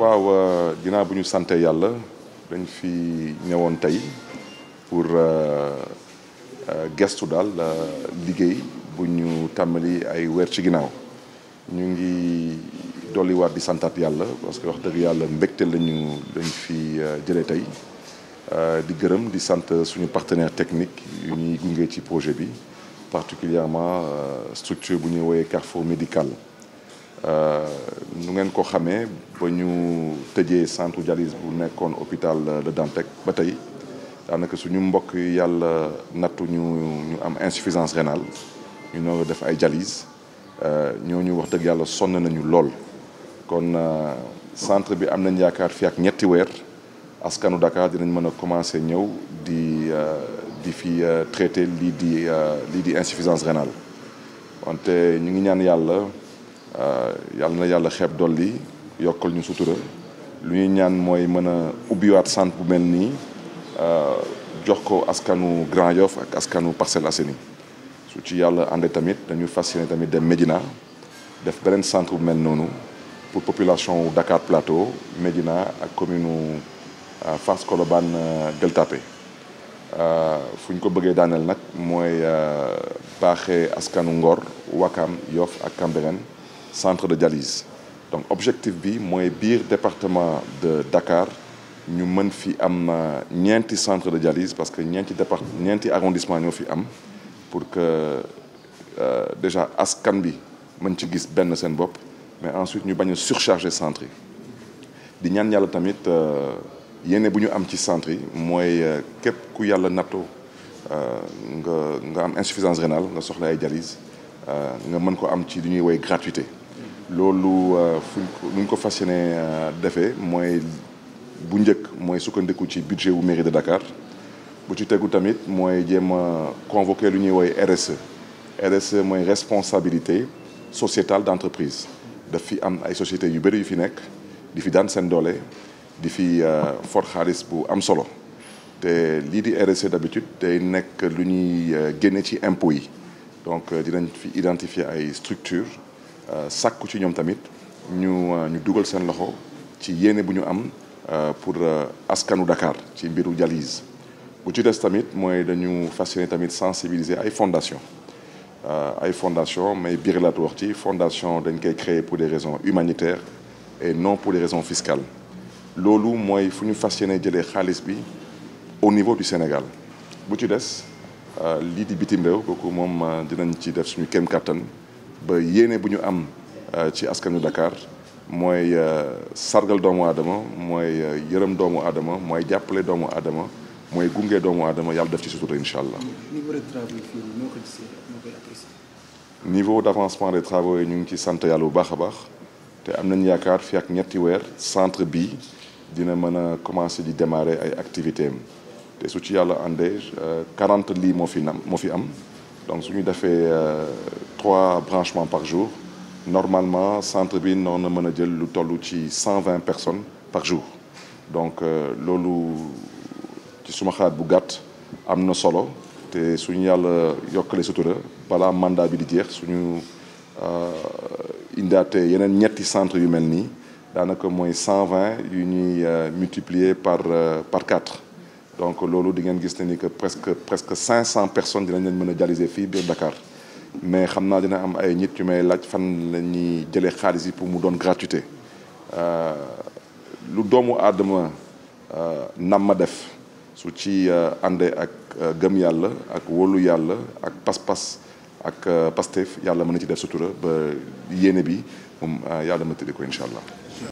waaw euh, ginnaaw bu ñu sante yàlla dañ fi ñëwoon tey pour euh, euh, gestu daal liggéey bu ñu tàmbali ay weer ci ginnaaw ñu ngi dolliwaat di santaat yàlla parce que wax dëgg yàlla mbégte lañu lañ fi jëlee tey di gërëm di sant suñu partenaire technique yu ñuy gunge ci projet bi particulièrement structure bu ñuy woowee Carrefour médical nu ngeen ko xamee ba ñu tëjee centre dialyse bu nekkoon hôpital de Dantec ba tey daanaka suñu mbokk yi yàlla nattu ñu am insuffisance rénale ñu noonu def ay dialyse euh, ñu wax dëgg yàlla sonn nañu lool. kon euh, centre bi am nañ yaakaar fi ak ñetti weer askanu Dakar dinañ mën a commencer ñëw di euh, di fi traiter lii di lii di insuffisance rénale wante ñu ngi ñaan yàlla. Euh, yàlla na yàlla xeeb dolli yokkal ñu sutura lu ñuy ñaan mooy mën a ubbiwaat centre bu mel nii euh, jox ko askanu Grand Yoff ak askanu Parcelles Assainies su ci yàlla àndee tamit dañu fas yéene tamit dem Médina def beneen centre bu mel noonu pour population wu Dakar Plateau Médina ak commune euh, Fass Colobane Gueule Tapée fu ñu ko bëggee daaneel nag mooy baaxee askanu Ngor Wakam Yoff ak Cambérène centre de dialyse donc objectif bi mooy biir département de Dakar ñu mën fi am euh, ñeenti centre de dialyse parce que ñeenti départ ñeenti arrondissement ñoo fi am pour que euh, déjà askan bi mën ci gis benn seen bopp mais ensuite ñu bañ a surcharger centre yi di ñaan yàlla tamit euh, yéene bu ñu am ci centre yi mooy képp ku yàlla nattoo nga nga am insuffisance rénale nga soxla ay dialyse nga mën ko am ci lu ñuy woy gratuité loolu euh, fuñ nuñ ko fas yéene euh, defee mooy bu njëkk mooy sukkandiku ci budget wu mairie de Dakar bu ci tegu tamit mooy jéem a convoqué lu ñuy woy RSE RSE e mooy responsabilité sociétale d'entreprise daf fi am ay société yu bëri yu fi nekk di fi daan seen doole di fi euh, for xaalis bu am solo te lii di RSE d'habitude day nekk lu ñuy génne ci impôts yi donc dinañ fi identifier ay structures sàkku ci ñoom tamit ñu euh, ñu dugal seen loxo ci yéene bu ñu am euh, pour euh, askanu Dakar ci mbiru dialyse bu ci des tamit mooy dañu fas yéene tamit sensibiliser ay fondation ay fondation mais biir laat wax ci fondation dañ koy créer pour des raisons humanitaires et non pour des raisons fiscales loolu mooy fu ñu fas yéene jëlee xaalis bi au niveau du Sénégal bu ci des lii di bitim réew kooku moom dinañ ci def suñu kéem kattan ba yéene bu ñu am euh, ci askanu Dakar mooy euh, sargal doomu aadama mooy euh, yërëm doomu aadama mooy jàppale doomu aadama mooy gunge doomu aadama yàlla def ci sutura incha allah. niveau de travail fii d' avancement des yi ñu ngi ci sant yàlla bu baax a baax te am nañ yaakaar fi ak ñetti weer centre bi dina mën a commencer di démarrer ay activités te su ci yàlla àndee 40 lits moo fi nam moo fi am. donc su ñu defee euh, trois branchements par jour normalement centre bi noonu na mën a jël lu toll ci cent vingt personnes par jour donc euh, loolu ci suma xalaat bu gàtt am na solo te suñu yàlla yokkale sutura balaa mandat bi di jeex suñu euh, indaate yeneen ñetti centre yu mel nii daanaka mooy cent vingt yu ñuy multiplier par par quatre donc loolu di ngeen gis ne ni que presque presque 500 personnes dinañ leen mën a dialyser fii biir Dakar mais xam naa dina am ay nit yu may laaj fan la ñuy jëlee xaalis yi pour mu doon gratuité euh, lu doomu aadama euh, nam ma def su ci euh, àndee ak gëm yàlla ak wóolu yàlla ak pas-pas ak Pastef yàlla mën na ci def sutura ba yéene bi moom yàlla ma tëddee ko incha allah.